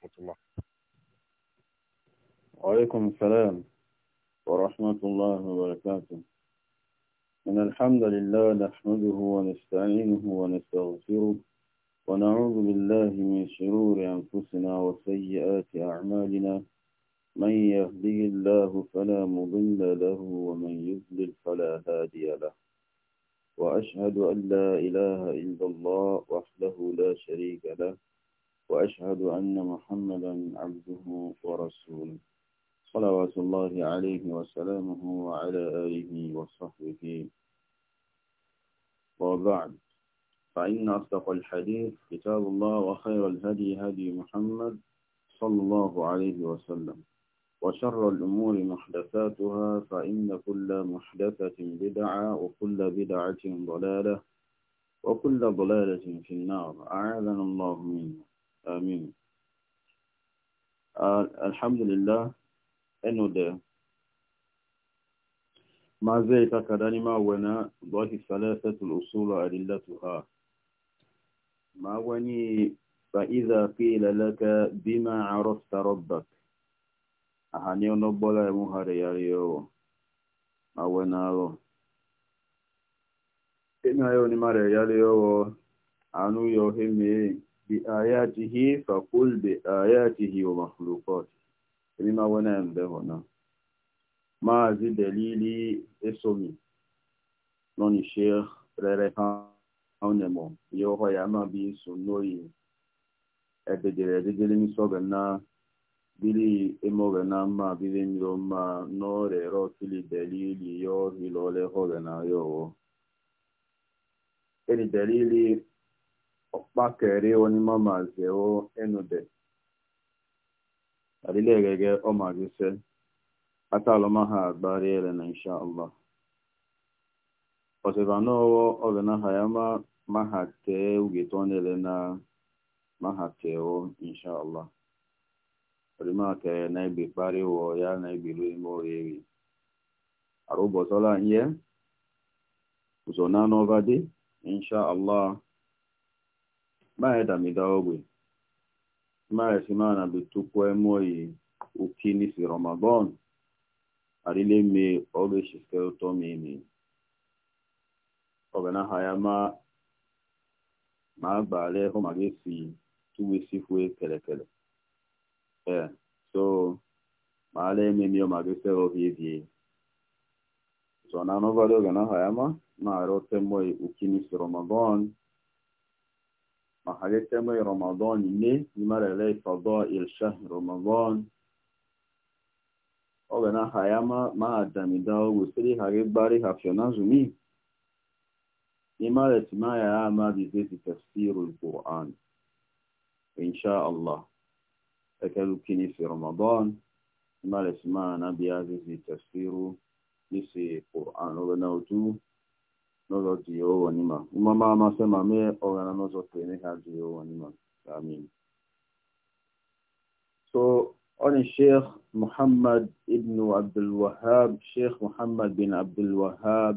ورحمة الله وعليكم السلام ورحمة الله وبركاته إن الحمد لله نحمده ونستعينه ونستغفره ونعوذ بالله من شرور أنفسنا وسيئات أعمالنا من يهدي الله فلا مضل له ومن يضلل فلا هادي له وأشهد أن لا إله إلا الله وحده لا شريك له وأشهد أن محمدا عبده ورسوله صلوات الله عليه وسلامه وعلى آله وصحبه وبعد فإن أصدق الحديث كتاب الله وخير الهدي هدي محمد صلى الله عليه وسلم وشر الأمور محدثاتها فإن كل محدثة بدعة وكل بدعة ضلالة وكل ضلالة في النار أعاذنا الله منها آمين uh, Alhamdulillah eno de ما زي تكراني ما ونا ضاهي ثلاثة الأصول أدلتها ما وني فإذا قيل لك بما عرفت ربك أهاني نبولا مهاري ياريو ما ونالو إنا يوني ماري ياريو أنو يوهمي بآياته فقل بآياته ومخلوقاته كلمة ونعم هنا ما زي دليلي اسمي نون الشيخ ريحان هونمو يوهو ياما بي سنوي bili bili ọkpakere onimamazi o enude adịleghe ọmagise atalụmaha agbariele na insha allah ọsịbanowo ovenahayama ọ ugetonele na mahateo insha allah orimakere na egbe kpariwo ya na egbiru ime oriri arụbọtọla ihe ụzọ na n'ọba dị insha mae damida ogbe mae simana betukwa emoyi ukini si ramadan arile me oge shiske ụtọ mimi oge na haya ma ma agbale hụ ma ga-esi tuwesikwu kele. ee e, so ma ala ememi ọ ma ga-esi oge ebie so na nọvali oge na haya ma ma arịọte moyi ukini si ramadan محاجة ما رمضان ني يمر لي فضاء الشهر رمضان أغنى حياما ما أدامي داو وسري حاجة باري هافيونا زمي يمر ما يا ما بزيت تفسير القرآن إن شاء الله أكلوكني في رمضان يمر ما نبي هذه تفسير نسي القرآن أغنى n'ụzọ dị ya ụwa n'ima ụmụma amasị ma mee ọghara n'ụzọ kene ha dị ya ụwa amin so onye sheikh muhammad ibn abdul wahab sheikh muhammad bin abdul wahab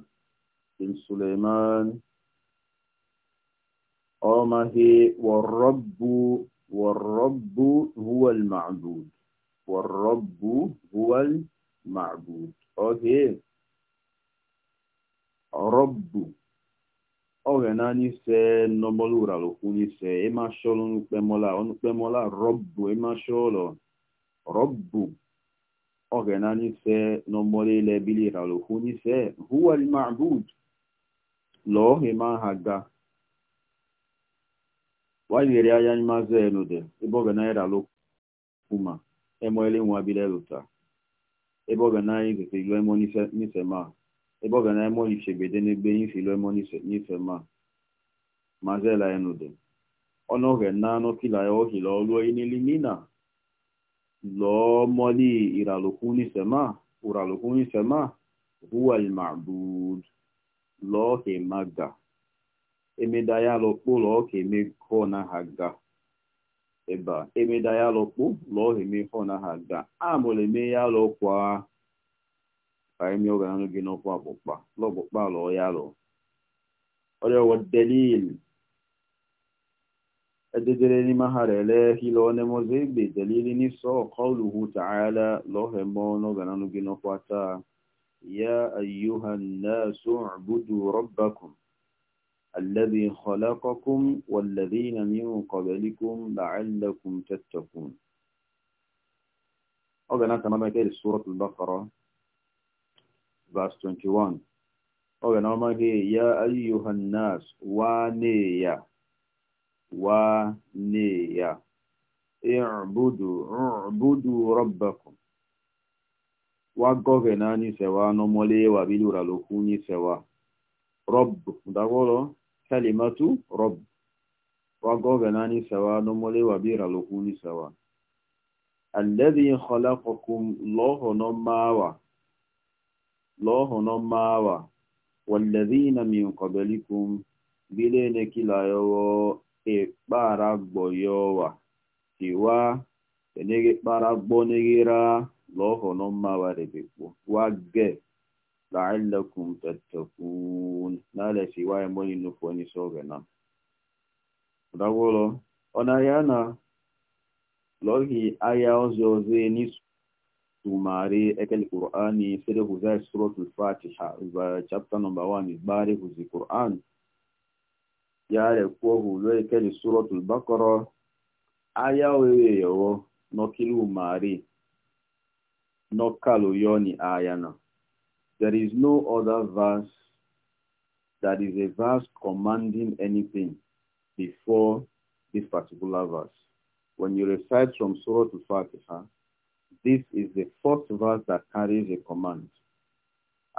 bin suleiman ọmahi warrabbu warrabbu huwa al-ma'bud warrabbu huwa al-ma'bud okay rọbụ ọghẹ n'anyị sẹ nọbọlụ ụralụ kwunye sẹ e ịma shọlụ n'ukpemola ọnukpemola rọbụ ịma e shọlọ rọbụ ọghẹ n'anyị sẹ nọbọlụ ile bili ụralụ kwunye sẹ huwali ma'bud lọọ ịma e ha ga wanyere anya ịmazị enude ebe ọghẹ n'anyị ralụ kwuma emoele nwa bile lụta ebe ọghẹ n'anyị zete ilu emo n'ise ma ebe ọ ga na-eme ohichebede n'ebe ifilo emo n'ife ma mazela ya n'udo ọnụoge nanụ kila ya ohila ọlụọ inilimina lọọ mọli iralokuni sema uralokuni sema huwal ma'bud lụọ ke maga emedaya lọkpụ lọọ ke mekọ na ha ga eba emedaya lọkpụ lọọ ke mekọ na ha ga eme ya lọkwa فاهم يوغا نجي نوفا بوبا لو بوبا لو يالو أولي هو الدليل الدليل ما هرله هيلو نموزي بدليل نفسه قوله تعالى لو همو نوغا نجي نوفا تا يا أيها الناس اعبدوا ربكم الذي خلقكم والذين من قبلكم لعلكم تتقون أولا ما كان سورة البقرة verse 21 oge na ọmọdé ya ayyuhannas wa ne ya wa ne ya i'budu i'budu rabbakum wa goge na ni sewa no mole wa bilura loku ni sewa rob dagolo kalimatu rob wa goge na ni sewa no mole wa bilura loku ni sewa alladhi khalaqakum lọ́họ̀nà máa wà lọ́hùnà máa wà wọ̀lẹ́dínà mi kọ̀bẹ̀líkùn bílẹ̀ ní kílà yọwọ́ ìpàrà gbọ̀yọ̀ wà rẹ̀ wá gẹ̀ tẹ̀tẹ̀kùn sí wáyé mọ́ nínú náà. ọ̀dàwọ́lọ́ ọ̀nà yánà tumare ekeli qur'ani sede huzai suratul fatiha chapter number 1 ibari huzi qur'an yare kuwa hulo ekeli suratul bakara aya wewe yowo nokilu mari nokalu yoni ayana there is no other verse that is a verse commanding anything before this particular verse when you recite from surah al fatiha This is the first verse that carries a command.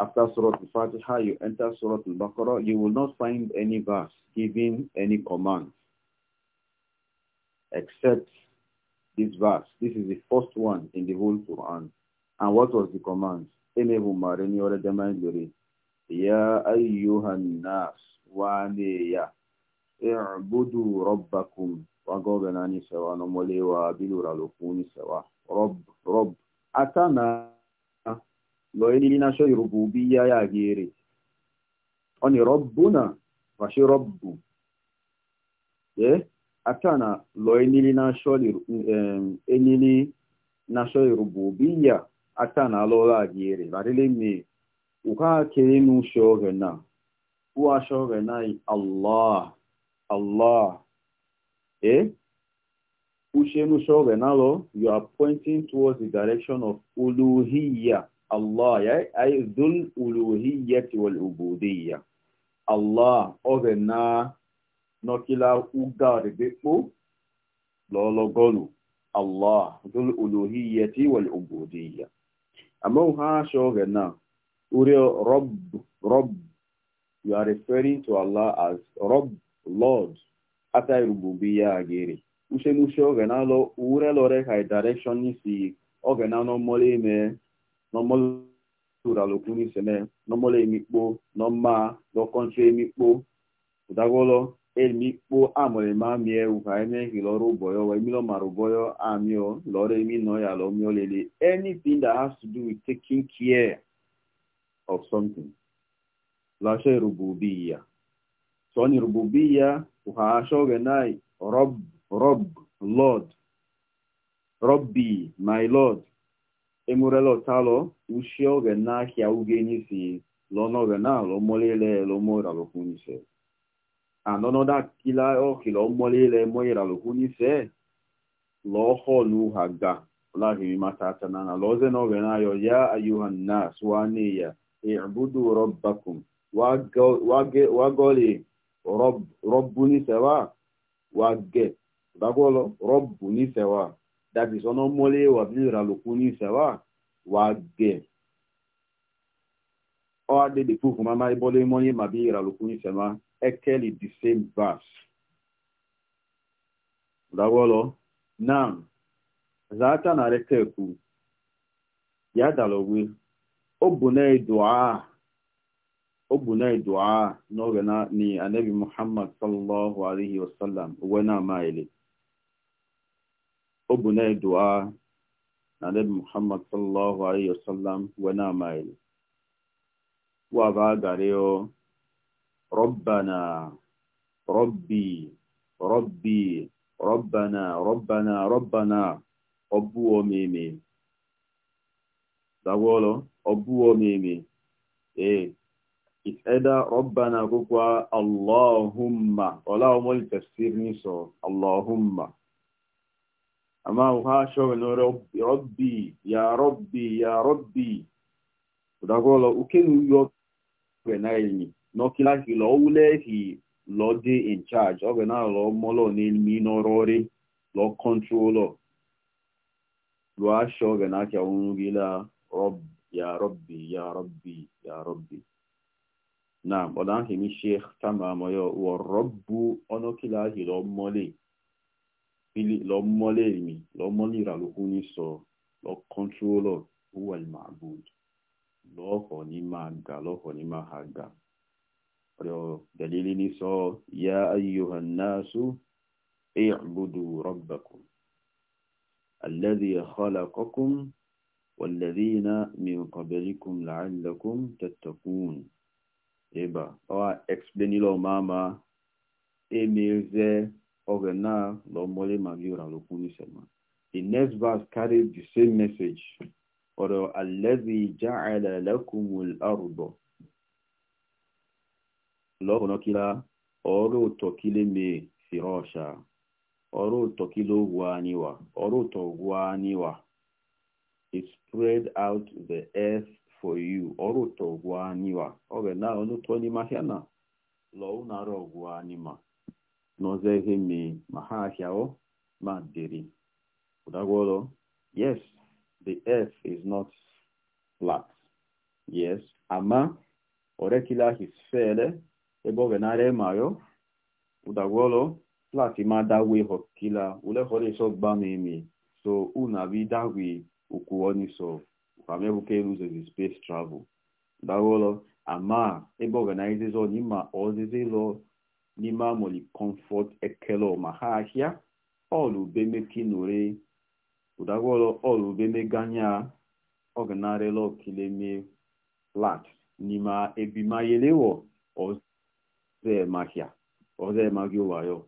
After Surah Al-Fatiha, you enter Surah Al-Baqarah, you will not find any verse giving any command except this verse. This is the first one in the whole Quran. And what was the command? Ya ayyuhan nas wa ya i'budu rabbakum wa goganani sawa wa rob rob ata na loyeni nasho yorububiya ya gere oni robbuna vashi robbu ye aka na loyeni nasho enili nasho ya aka na lola gere varile a uka kelenu na uwa shoge na allah allah eh you are pointing towards the direction of uluhiyya Allah yeah? ay dhul uluhiyyati wal ubudiyya Allah ogena nokila ugare bepo lologolu Allah dhul uluhiyyati wal ubudiyya among ha shogena uri rabb rabb you are referring to Allah as rabb lord atay rububiyya agere uche muche oge na alọ ure lore ka direction n'isi oge na nọmọle ime nọmọle uralokwu n'ise me nọmọle emikpo nọmma lọkọntrị emikpo ụdagwọlọ emikpo amụrịma mie uha emeghị lọrụ ụbọyọ wee milo mara ụbọyọ amịọ lọrọ emi nọ ya lọ mịọ lele anything that has to do with taking care of something lashe rububiya so ni rububiya uha ashoge nai rob rob lord robi my lord emurela ọtalọ ushi oge n'ahịa uge n'isi lọnọge na lọmọlele lọmọralokwu n'ise anọnọda kila ọkịla ọmọlele mọyeralokwu n'ise lọọhọ n'uha ga lahiri matata na na lọze n'oge n'ayọ ya ayuhan nas wane ya ibudu robbakum wagoli rob, robbuni sewa wage dagolo rọbụ n'isewa dabis ọnụmụli wabinyeralukwu n'isewa wage ọ dị dị puku mama ibole monye ma binyeralukwu n'isewa ekeli the same verse dagolo nam zata na rekeku ya dalowe obunai dua obunai dua n'oge na ni anabi muhammad sallallahu alaihi wasallam uwe na amaili obìnrin ẹ̀dùá nàdẹ́bí muhammad sallallahu alayhi wa sallam wẹ́nà máìlì wà bá gàrí ọ rọ́bànà rọ́bì rọ́bì rọ́bànà rọ́bànà rọ́bànà ọbú ọmẹ́mẹ́ dàgbọ́lọ́ ọbú ọmẹ́mẹ́ ee it's either rọ́bànà kókó allahumma ọlá ọmọ ìtẹ̀sí ní sọ allahumma àmọ́ òhá ṣọ́rọ̀ ní rọ́bì ya rọ́bì ya rọ́bì ọ̀dàgọ́lọ̀ òkèlú yọ rẹ̀ náà ẹ̀yìn nọ́kí láti lọ wúlẹ́ẹ̀kì lọ dé in charge ọ̀rẹ́ náà lọ mọ́lọ̀ ní mínà rọ́rí lọ kọ́ntrólọ̀ lọ aṣọ rẹ̀ náà kí àwọn orílẹ̀ ya rọ́bì ya rọ́bì ya rọ́bì náà ọ̀dà ń kì í ṣe tàmà àmọ́yọ̀ wọ̀ ili lọ mọ́lẹ̀ mi lọ mọ́lẹ̀ ìràlókù ní sọ lọ kọ́ńtúrólọ̀ wúwà ní máa bùd lọ́ọ̀kọ̀ ní máa gà lọ́ọ̀kọ̀ ní máa ha gà ọ̀rẹ́ dẹ̀lílì ní sọ ya ayyuhan nasu i'budu rabbakum alladhi khalaqakum والذين من قبلكم لعلكم تتقون إبا أو explain لهم ماما إميزة Ogena Lomole Magiura Lukunisema. The next verse carries the same message. Or Alezi Ja'ala Lakumul Ardo. Logonokila Oro Tokile me Sirosha. Oro Tokilo Guaniwa. Oro Toguaniwa. It spread out the earth for you. Oro Toguaniwa. Ogena Onu Toni Mahiana. Lo Unaro Guanima. nozehe mi mahahiao mandiri. Udagolo. Yes, the earth is not flat. Yes, ama orekila his fele ebogenare mayo. Udagolo flat ima dawe hokila ule hore so gbamemi. So unavi dawe ukuoni so ukamebuke loses space travel. Udagolo ama ebogenizes onima ozizi lụọ. n'ime amụli kọmfọt ekele ọma ha ahịa ọlụbemekinore ụdagwọrọ ọlụbemeganya ọganarịla okileme flat n'ime ebimayelewo ọzọemahịa ọzọemagị wayo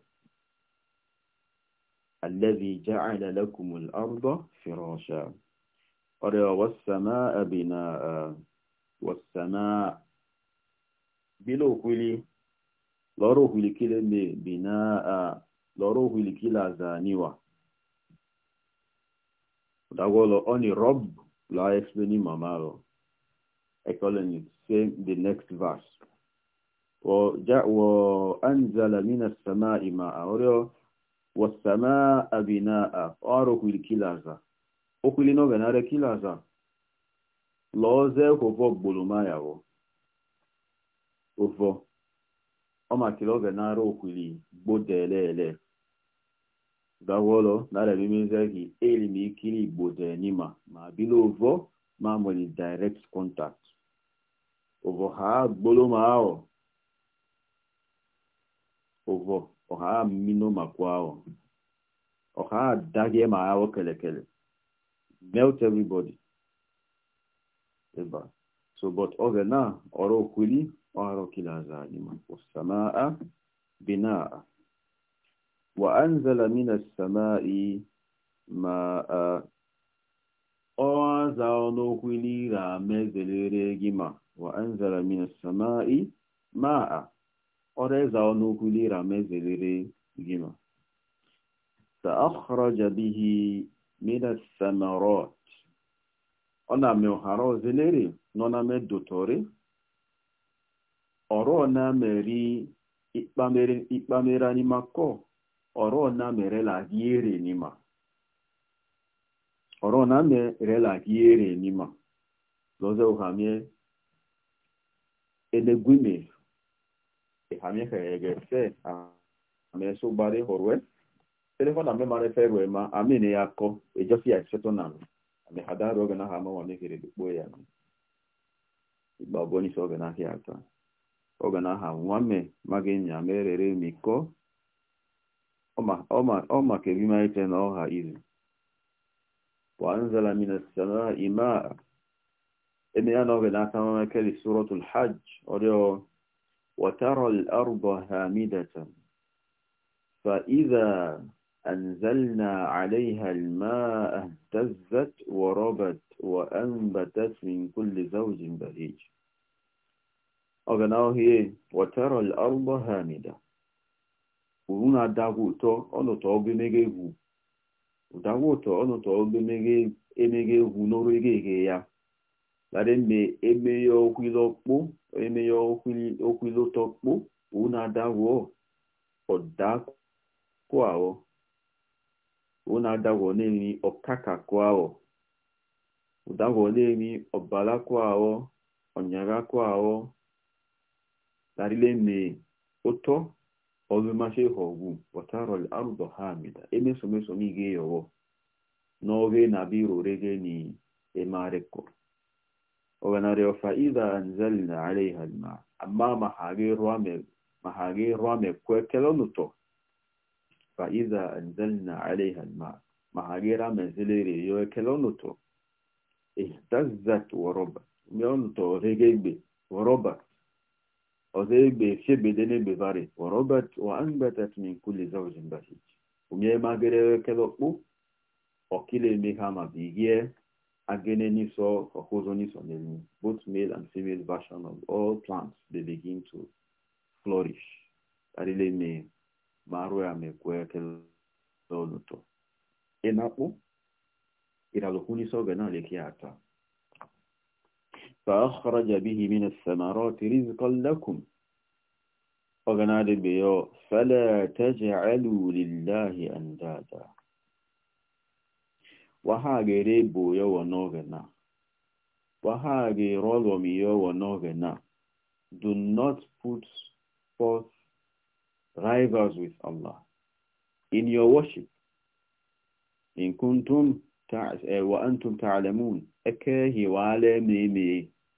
الذي جعل لكم الأرض فراشا والسماء بناء والسماء بلوكلي lọrụ ohulikile me bina a lọrụ ohulikile azaniwa dagwolo oni rob la expleni mamalo ekoleni same the next verse وجاء وأنزل من السماء ماء والسماء بناء أروه الكلازة أقول إنه بنار الكلازة لازم هو بولما يا هو ọ ọmakiri oge nara okwili gbodelele gawolo naremimezeghi elimikiri gbodenima ma bilo ovo ma moli direct contact ovo ha gbolomao ovo ọha mmino makwao ọha adaghị ma ahụ kelekele melt everybody ebe so but oge na ọrụ okwili waro kila zalima wasamaa binaa waanzala min assamai maa ọza n'okwu ire amezelere gị ma waanzala min assamai maa ọreza n'okwu ire amezelere gị ma فأخرج به من الثمرات أنا مهارو زليري نونا مدو توري ọrụ náà mẹ̀rí ìpamẹ́ra ni ma kọ́ ọ̀rọ̀ náà mẹ̀rẹ́ làgí èrè ni ma ọ̀rọ̀ náà mẹ̀rẹ́ làgí èrè ni ma enegwime e telefon ame mara efe rue ma ame ya kọ ejofi ya cheto na m ame na ha ama wa mekere ya igba ọgbọ n'isi oge na ahịa atọ oganaha nwame maga nya merere miko ọ maka ebimalite na ọha izu وأنزل من السماء ماء إن أنا وبنا كما كلي سورة الحج أريو وترى الأرض هامدة فإذا أنزلنا عليها الماء اهتزت وربت وأنبتت من كل زوج بهيج Ọ ọganahụ ihe wọtara arụgbọ ha nida uru na-adagwa ụtọ ọnụtọ emeghe egwu ụdagwa ụtọ ọnụtọ ogomege emeghe egwu n'ọrụ ego ya lare eme emeghe okwilọkpo emeghe okwilọtọkpo uru na-adagwa ọdakwa ahụ uru na-adagwa na-eri ọkakakwa ahụ ụdagwa na-eri ọbalakwa ahụ ọnyarakwa ahụ larile mee ụtọ ọzụmacha ịghọ ogwu pọtarọl arụdọ ha mida emesomeso n'ige yọwọ n'oge na-abịa irorege ni emareko oganarị ọfa ịda anzelina alaiha ma ama ma ha gị rụa mekwe kele n'ụtọ fa ịda anzelina alaiha ma ma ha gị ra mezelere yo ekele n'ụtọ ihtazat wọrọba mgbe ọ rege egbe wọrọba أزيب شبدين بباري وربت وأنبتت من كل زوج بهيج ومي ما غيره كلو أكيل ميهاما بيجيه Again, you saw both male and female version of all plants, they begin to flourish. Arile me marua me kweke loluto. Enapo, italokuni soga na lekiata. فأخرج به من الثمرات رزقا لكم وغناد بيو فلا تجعلوا لله أندادا يو بيو ونوغنا وهاجر وميو ونوغنا do not put forth rivals with Allah in your worship إن كنتم وأنتم تعلمون أكاهي وعلى ميمي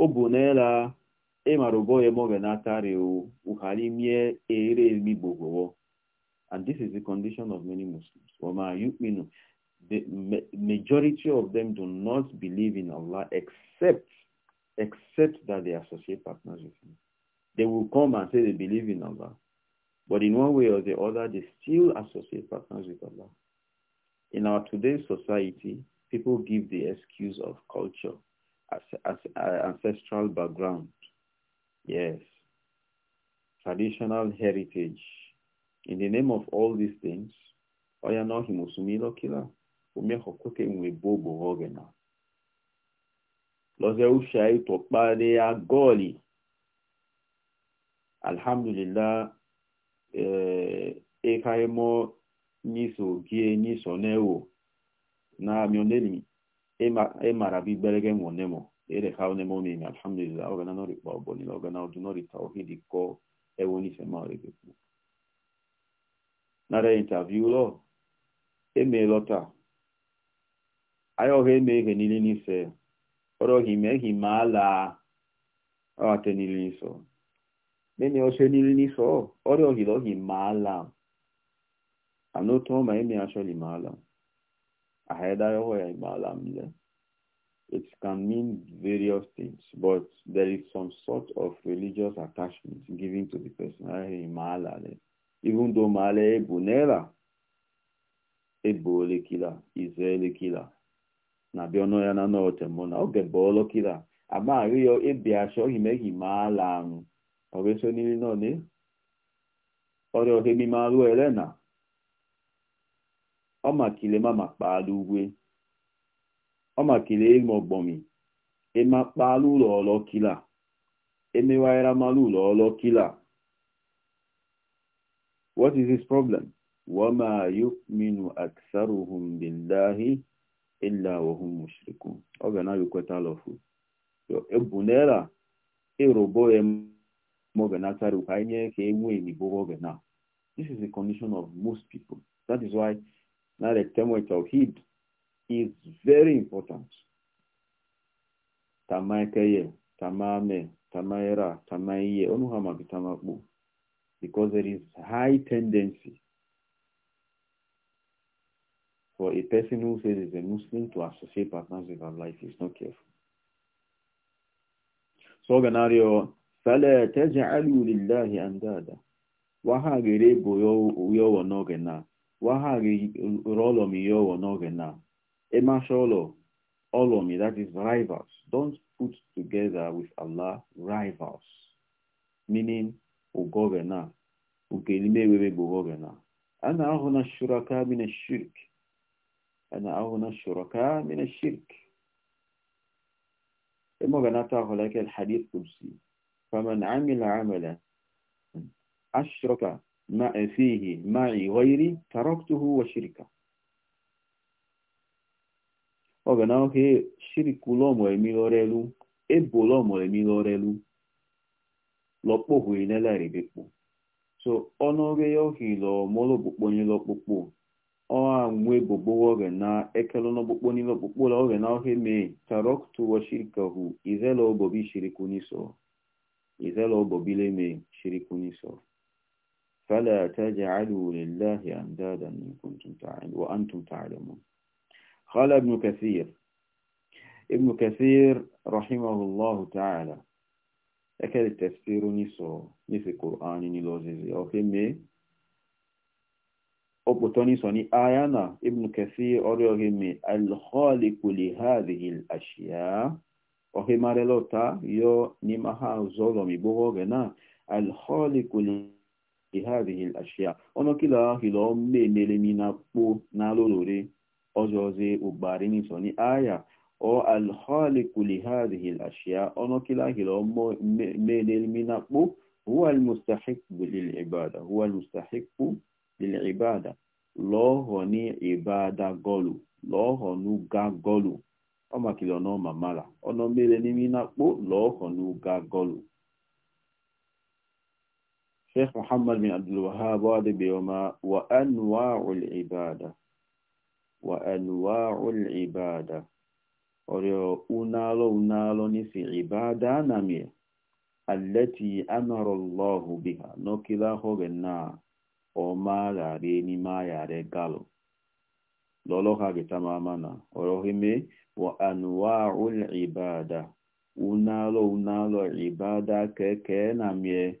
ere and this is the condition of many muslims the majority of them do not believe in allah except except that they associate partners with him they will come and say they believe in allah but in one way or the other they still associate partners with allah in our today's society people give the excuse of culture as, uh, ancestral background. Yes. Traditional heritage. In the name of all these things, oya no himusumilo kila, umeho kweke mwebobo hogena. Loze ushai tokbade ya goli. Alhamdulillah, eh, ekaemo niso gie niso newo na mionelimi. e mara bi gberege mo nemo ere ha onemo mi mi alhamdulillah ogana no ri bo ni ogana o no ri tawhid ko e woni se ma ri ku na re interview lo Eme me lota ayo he me he ni ni se oro hi me hi mala niile atenili ni so me ni o se ni ni so oro hi lo hi mala ma ala. It can mean various things, but there is some sort of religious attachment given to the person. Even though Male Bunera Ebole killer is a killer. Na biono yana no temona oge bolo killer. Ama rio ebi asho hime himala. Oge so nili no ni. Ore ohe mi malu elena. ọmakile mama kpala ugwe eme ogbomi ịma kpala ụlọ ọlọ kila emewaghara mala ụlọ ọlọ kila what is this problem wama aksaruhum billahi illa wahum ọ ga na-ekweta lọfu e ka enwe enibo this is the Now the rectangle tawhid is very important. Tamaikeye, tamame, tamaira, tamaiye, onuhama bitamaku. Because there is high tendency for a person who says is a Muslim to associate partners with our life. He's not careful. So ganario, فَلَا تَجْعَلُوا لِلَّهِ أَنْدَادًا وَهَا غِرَيْبُ يَوْ وَنَوْغَنَا wahari rolomiyowo nogena emasholo olomi that is rivals don't put together with allah rivals meaning ugogena ukelimewewe bugogena ana ahuna shuraka min na ana ahuna shuraka shirk. ashirk emogena taholake alhadith qudsi faman amila amalan ashraka ما فيه معي غيري تركته وشركه ga na oge shirikulomoremilorelu ebolomoremilorelu lọkpọhuinelaribekpo so ọnụoge ya ohilomolokpokponilokpokpo ọanwebogbowa oge na la oge na oge mee taroktu shirikuniso izela shirikuniso فلا تجعلوا لله أندادا إن كنتم تعلمون وأنتم تعلمون قال ابن كثير ابن كثير رحمه الله تعالى أكد التفسير نسو نسي القرآن نلوزيزي أوكي مي أبطاني صني آيانا ابن كثير أريوه مي الخالق لهذه الأشياء أوكي مارلوتا يو نمها زولو مبوغنا الخالق لهذه هذه الأشياء أنا كلا هلا ملمنا أبو نالوري أجوزي وبارني صني آية أو الخالق لهذه الأشياء أنا كلا هلا ملمنا أبو هو المستحق للعبادة هو المستحق للعبادة الله ني عبادة قولو الله نوغا قولو أما كلا نوما مالا أنا ملمنا أبو الله نوغا قولو شيخ محمد بن عبد الوهاب واضب يوما وأنواع العبادة وأنواع العبادة أريو أنالو أنالو نسي عبادة نامية التي أمر الله بها نوكلا هغنا وما لاريني ما ياريقالو لولو هاجي تمامنا أريو وأنواع العبادة أنالو أنالو عبادة كي نامية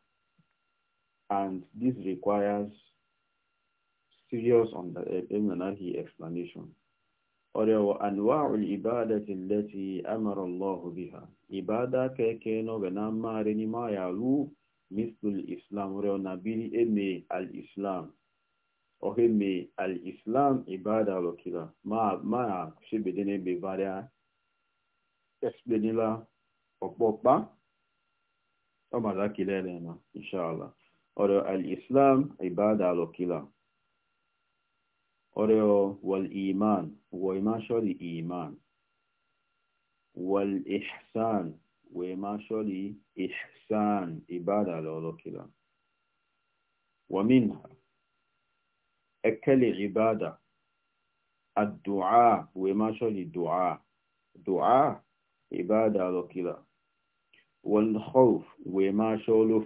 And this requires serious under, uh, explanation. وأنواع الإبادة التي أمر الله بها إبادة كيكينو بنما رنما يعلو مثل الإسلام ريونا بيري إمي الإسلام أهمي الإسلام إبادة لكلا ما ما شبدين بفاريا explain la أبوبا أما ذاك إن شاء الله أرى الإسلام عبادة لكلا أرى والإيمان وما شري إيمان والإحسان وما شري إحسان عبادة لكلا ومنها أكل عبادة الدعاء وما شري الدعاء دعاء عبادة لكلا والخوف وما شري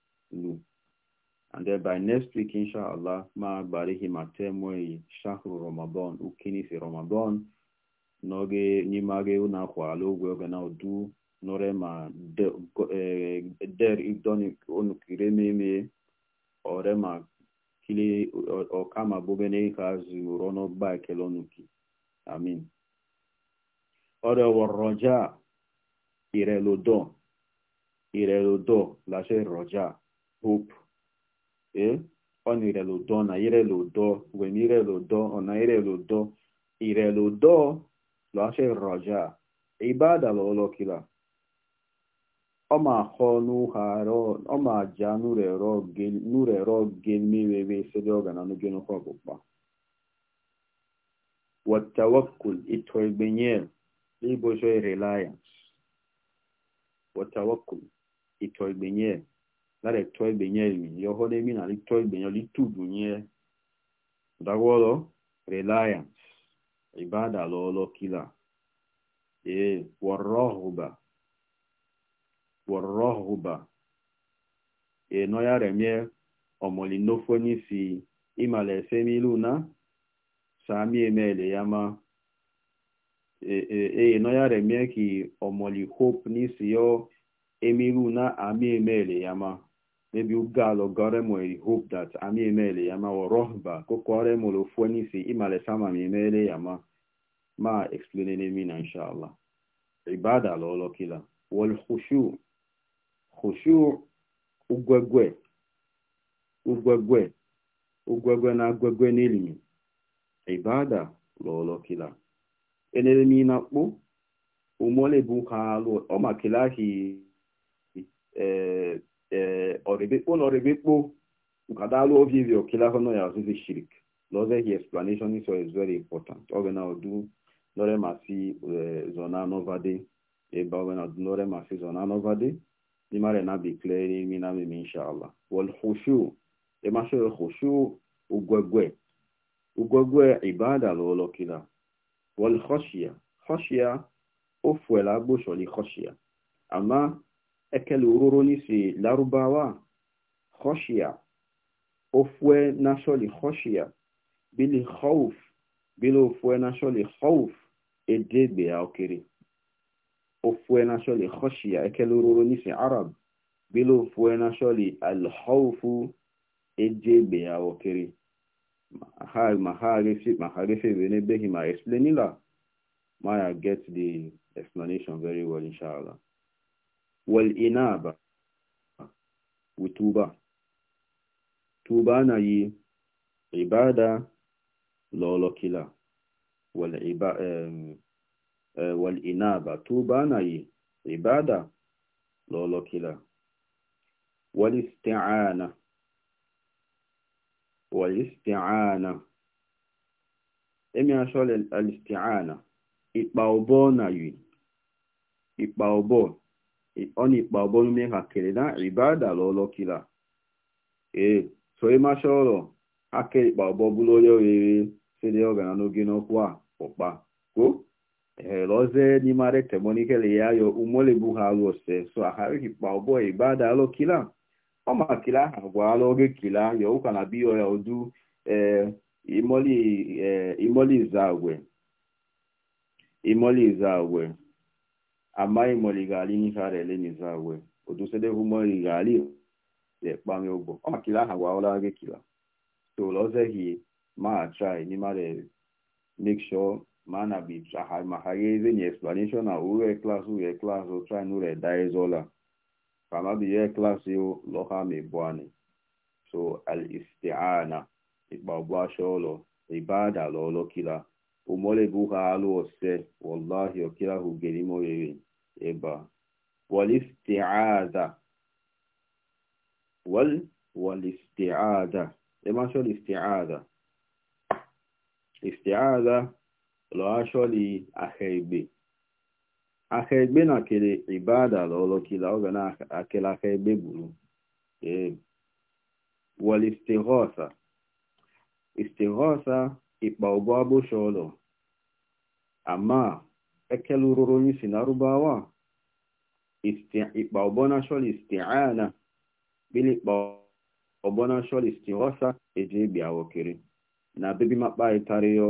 lu and then by next week inshallah ma barihi matemwe shahru ramadan ukini fi ramadan n'oge n'ime aga ewu na-akwala ogwe oge na udu nore ma eh, der idoni onukire meme ore ma kili ọkama bobe na ihe azụ ụrọ n'ọgba ekele onuki amin ọrịa wọrọja irelodo irelodo lashe roja hope ee eh? ọ na irele ụdọ na irele ụdọ wem irele ụdọ ọ na irele ụdọ irele ụdọ lọshe roja ibada lọlọkila ọma ahọ n'ụhara ọma aja nurere oge mmiriwe sede ọga na n'oge n'ụkọ ọkpụkpa watawakul ịtọ egbenye ịbụjọ reliance watawakul ịtọ egbenye lare to ebenye mi yo hode mi na li to ebenye li tudu nye dagwolo reliance ibada lolo kila e warrahuba warrahuba e no ya remie omolinofoni si imale efemi luna sami emele yama e no ya remie ki omoli hope ni si yo emiru na ami emele yama maybe ugalo garemo i hope that ami emele yama o rohba kokoremo lo fuenisi imale sama mi emele yama ma explain ne mina inshallah ibada lo lo kila wal khushu khushu ugwegwe ugwegwe ugwegwe na gwegwe n'ilimi ibada lo lo kila enere mi na kpo umole bu ka lo o kila hi eh onorebekpo nkadalu obviously okila hono ya zuzi shirik loze hi explanation is is very important ogena odu lore masi zona novade eba ogena odu lore masi zona novade limare na declare mi na mi inshallah wal khushu e masho khushu ugwegwe ugwegwe ibada lo lokila wal khashya khashya ofuela gbosho li khashya ama ekele ororo n'isi larubawa khoshia ofue nasholi khoshia bili khawf bili ofue nasholi khawf edegbe ya okiri ofue nasholi khoshia ekele ororo n'isi arab bili ofue nasholi alkhawfu edegbe ya okiri maharefebe n'ebeghị ma explainila maya get the explanation very well inshallah والإنابة وتوبة توبة ناي عبادة لولو كلا والعبا... والإنابة توبة ناي عبادة لولو كلا والاستعانة والاستعانة إمي أشول الاستعانة إقباوبو ناي إقباوبو ọnịkpa ọbọnume ha kere na ribada lọlọkila ee soe masha ọrọ akerikpa ọbọ bụrụ onye orere sede ọgana n'oge n'ọkụ a ọkpa ko eheroze n'imare temonikele ya yo umole bụ ha alụ ose so aharikpa ọbọ e ribada Ọ ma kila ha gwara oge kila ya ụka na biyo ya odu ee imoli ee imoli izagwe imoli izagwe amaghị ma oligali n'ife ara ele n'izu awe odusedehu ma oligali ekpame ụgbọ ọ makila aha gwawala gị kila tolozeghi ma try n'ime ara make sure ma na bi aha ha ga-eze na explanation na ure klas ure klas try na ure daezola kama bi ye klas e yo lọha ma ebu anyị so al isti'ana ikpa ụgbọ asha ụlọ ibada lọlọ kila umole buha alu ose wallahi okila hugerimo yewe eba walisti'adha wal walisti'adha ema sho listi'adha isti'adha lo asho li ahegbe ahegbe na kele ibada lo lo kila oga na akela ahegbe buru e walistighosa istighosa ipa obo abusho lo ama ekelururu si narubawa ikpa ọbọna shọl istiana bilikpa ọbọna shọl istiwasa eji ebi awokiri na bebimakpa itariyo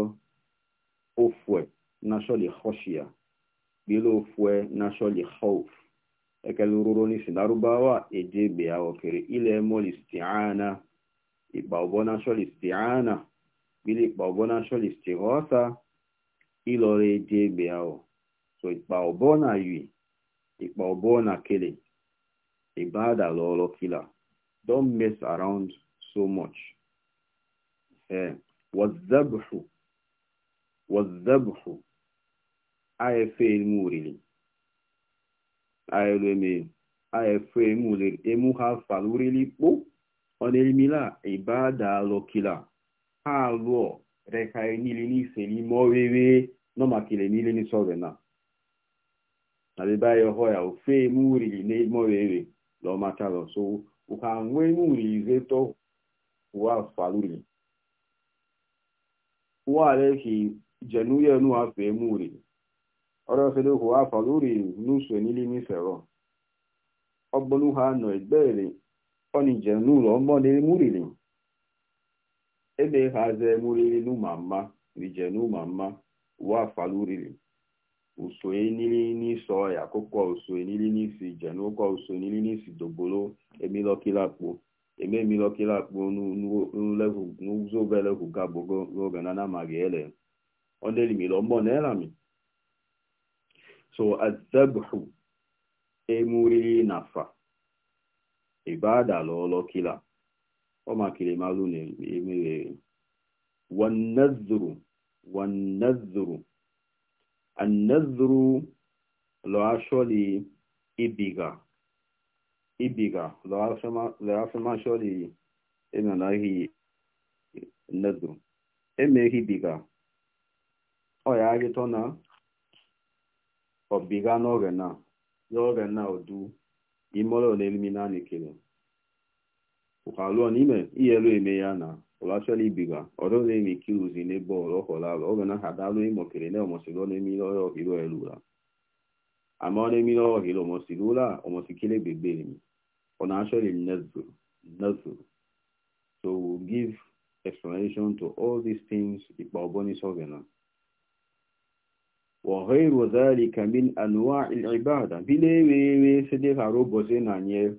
ofue na shọl hoshia bilo ofue na shọl hof ekelururu si narubawa eji ebi awokiri ile mol istiana ikpa ọbọna shọl istiana bilikpa ọbọna shọl istiwasa ịlọrọ edi egbe ahụ so ịkpa ọbọ na yui ịkpa ọbọ na kele ịbada lọrọ kila don mess around so much eh wazabhu wazabhu ayefe emu oriri ayelu eme ayefe emu oriri emu ha falurili kpo ọ na ịbada lọ kila ha alụọ rekare niile n'ise n'ime oriri nọ maka ile niile n'isi ọrịa na bebe anyị ọhụ ya ofe eme uriri n'ime oriri lọmatalọ so ụka nwee eme uriri zeto wa faluri walehi jenuye nu afọ eme uriri ọrịa ofede hụ afaluri n'uso niile n'ife rọ ọgbọnụ ha nọ egbere ọ ni jenu ụlọ ọmọ na eme uriri emeghaze muriri n'ụmamma rije n'ụmamma uwe afaluriri usonyenili n'isi ọya kụkọ usonyenili n'isi ije n'ụkọ usonyenili n'isi dobolo emilọkilakpo eme emilọkilakpo n'uzobelehu gabogo n'oge na anamaghị ele ọdelimili ọmọ n'elami so azebhu emuriri nafa ibada lọlọkila ọmakiri malu na emere wannazuru wannazuru annazuru lo asholi ibiga ibiga lo afima asholi emelahi nazuru emeghi biga ọya agịtọ na ọbiga n'oge na ya oge na odu imolo na elimina nikele ụkalụọ n'ime iyelu eme ya na ụlachọla ibiga ọdụla eme ike uzi n'ebe ọrụ ọhọlalụ oge na ha dalụ ịmọkere na ọmọsịlọ n'emile ọhịa ọhịrị elula ama ọ n'emile ọhịa ọhịrị ọmọsịlụla ọmọsịkele bebeli m ọ na-achọli nezuru so we give explanation to all these things ikpa ọbọnis ọgana وغير ذلك من أنواع العبادة بلا ويسدي غارو بوزين عنيه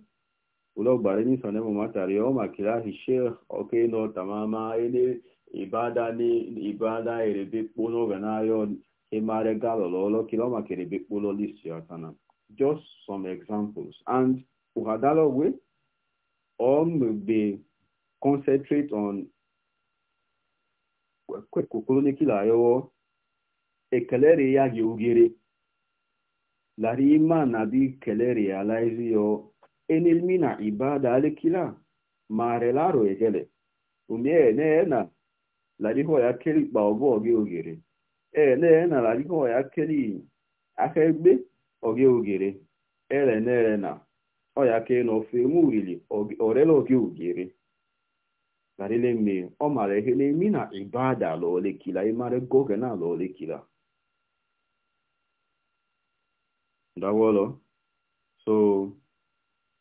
ulogbare ni sanemo matari o makirahi sheikh oke no tamama ele ibada ni ibada erebe kpono ganayo emare galo lolo kilo makerebe kpolo list yatana just some examples and uhadalo we on will be concentrate on kokoro kila yowo ekelere ya gi ugere lari ima na bi kelere ya laizi yo na ibada alekila marelaro egele ya lariho kpa baobo oge ogere ya lariho yakeli egbe oge ogere elenelena oyake na na ofe murili orele oge ogere larile mme ọ mara ehele mi na ibada ala olekila ịmara ego oge na ala dawolo so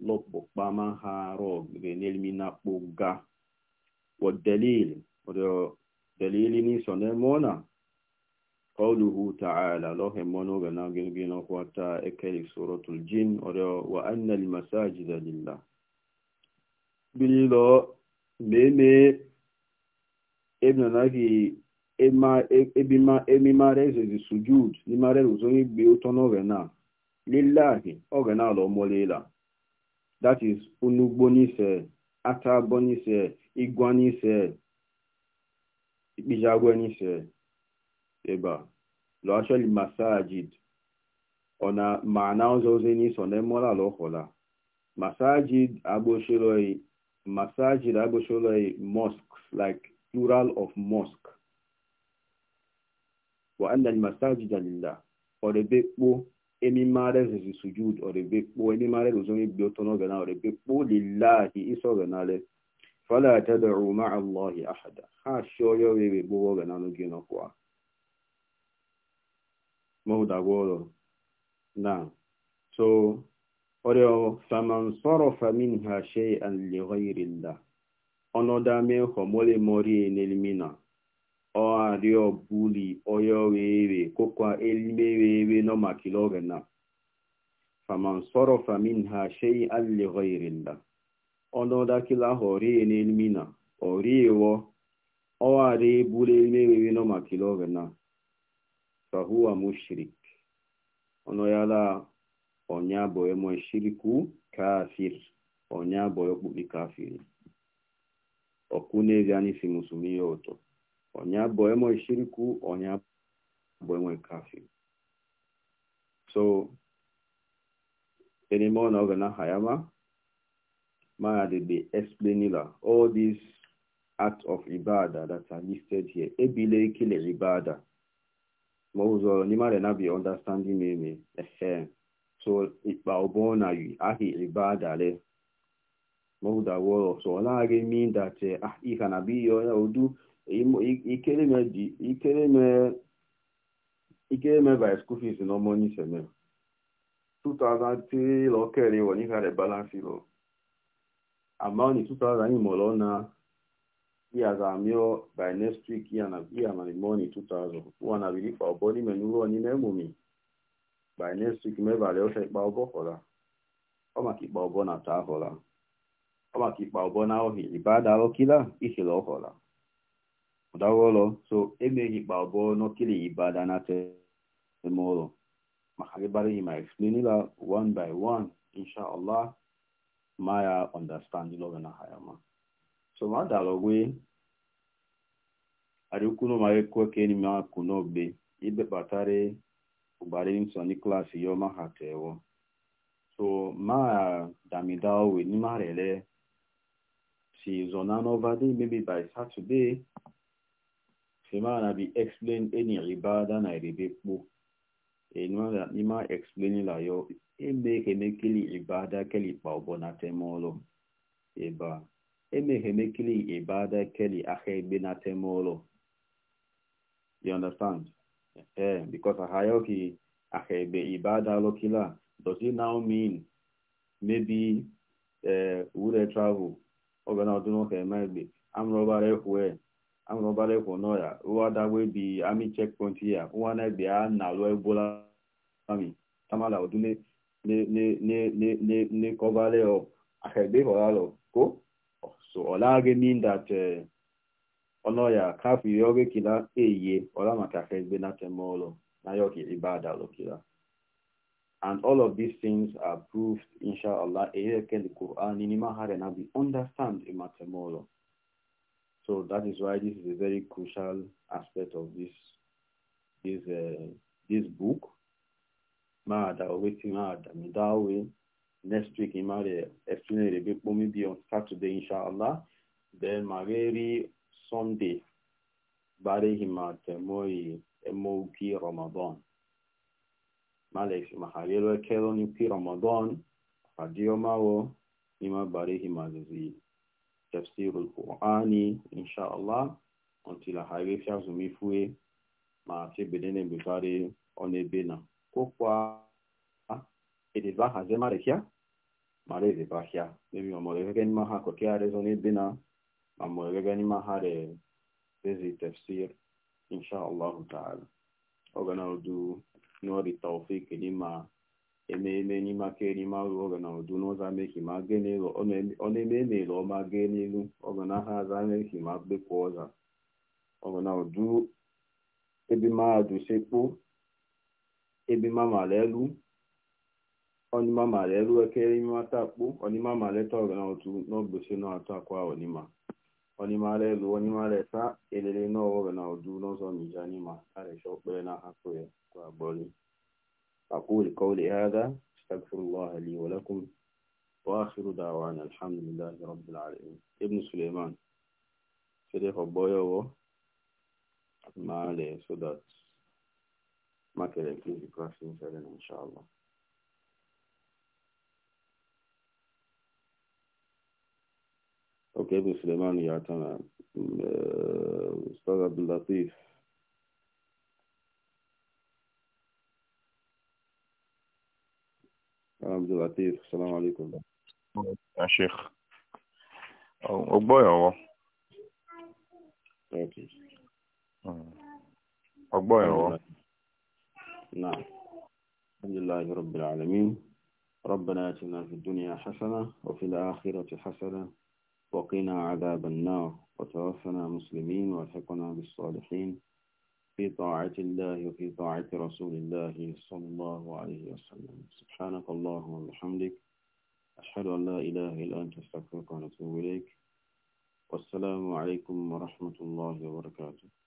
lopokpama haro genelimina poga والدليل دليل نيسون na قوله تعالى الله منو غنا jin o اكل uh, wa anna وأن المساجد لله بلو ميمي ابن ناكي ema ebima emimara ezezi sujud n'imara eruzo igbe ụtọ n'oge na lilahi oge na ala that is unugbonise atagbonise igwanise ikpijagwenise eba lo actually masajid ma maana ọzọ ozi n'isi ọ na-emụla ala ọhụla masajid agbochiloi masajid agbochiloi mosques like plural of mosques wa anna masajid alila ọ debe kpoo emimare zizi sujud orebe kpo emimare ruzoni e bioto no gana orebe kpo lillahi iso gana le fala tad'u ma'a allahi ahada ha shoyo wewe bo gana no gino kwa na so oreo faman sarafa minha shay'an li ghayri allah onoda me homole mori en ọgharịọ buli onye were kokwa elime were nọmakili ogena faman sọrọfa minha shei allighoirillah ọnọdakila horie n'elimina oriewo ọghara eburu elime were nọmakili ogena fahuwa mushrik ọnọyala ọnya bụ emo shiriku kafir ọnya bụ okpukpe kafir ọkụ n'ezie anyị si ya ụtọ onya boemo ishiriku onya boemo kafi so anymore na ogana hayama maya did they explain all these acts of ibada that are listed here ebile ibada. ma maụzọ n'imara na bi understanding eme ehe so ikpa ọbọ na yi ahị ibada le maụda wọrọ so ọ naghị mean that ah ihe na bi ya odu ikereme vice school fees no onye seme 2003 lo kere wo ni kare balance lo 2000 na ya za mio by next week ya na ya na money 2000 na na by next week me ba le o se pa obo kola o ma ki pa obo na ta kola o ma ki pa na dawolo so emeghị kpagbo n'okili ibada na teme ụlọ maka ịgbara ihe ma explain la one by one inshallah ma ya understand lọga na ha ya ma so ma dalogwe arikwunu ma ekwe ka enyi m akụ n'ogbe ibekpatara ụgbara nsọ ni ya ọma ha tewo so ma damida owe n'ime arịrị si zọ na n'ọba maybe by saturday Semana bi explain any ribada na erebe kpo. Nima explain la yo emeheme kili ibada keli paobo na temolo. Eba emeheme kili ibada keli ahebe na temolo. You understand? Eh, because ahayoki ahebe ibada lokila. Does it now mean maybe uh, e, wule I travel? Or when I do not where angobale kono ya uwada webi ami checkpoint ya uwana bia na lo ebola ami tamala odune ne ne ne ne ne ne kobale o ahebe holalo ko so olage mean that uh, ono ya kafu yoge eye ola maka hebe na ọrụ na yoki ibada and all of these things are proved inshallah na understand So that is why this is a very crucial aspect of this this uh, this book. That way, next week in Mare explain a bit maybe on Saturday inshallah. Then Magari Sunday Bare Himat Moi emoki Ramadan. Malex kelo ni pi Ramadan Adioma wo Ima Bare Himazi. tafsirul qur'ani insha Allah until harifia zumifue ma tebedene bukari onebena kokwa edeba hazema rekia mareze bahia mimi mamorevegeni maha kokea rezone bena mamorevegeni maha re rezi tafsir insha Allah ta'ala ogana udu nuri tawfik lima ememe n'ime aka erime arụ ọga na ọdụ n'ụzọ amehi ma gee n'elu ọ na-eme n'elu ọma gee n'elu ọga na aha aza amehi ma gbekwa ọza ọga na ọdụ ebe mahadum sekpo ebe mamara elu onima mara elu ekere imata kpo onima mara eta ọga na otu n'ogbosi na atọ akwa onima onimara elu onimara eta elele n'ọwa ọga na ọdụ n'ụzọ nija n'ima karịsịa okpere na ahapụ ya kwa agbọrị أقول قولي هذا استغفر الله لي ولكم وآخر دعوانا الحمد لله رب العالمين ابن سليمان شريف أبويا ما عليه سودات ما كده يكون questions إن شاء الله أوكي ابن سليمان تمام أستاذ عبد اللطيف عبد العتيق السلام عليكم يا شيخ أقبايا هو أوكي أقبايا هو نعم الحمد لله رب العالمين ربنا آتنا في الدنيا حسنة وفي الآخرة حسنة وقنا عذاب النار وتوفنا مسلمين والحقنا بالصالحين في طاعة الله وفي طاعة رسول الله صلى الله عليه وسلم سبحانك اللهم وبحمدك أشهد أن لا إله إلا أنت استغفرك ونتوب إليك والسلام عليكم ورحمة الله وبركاته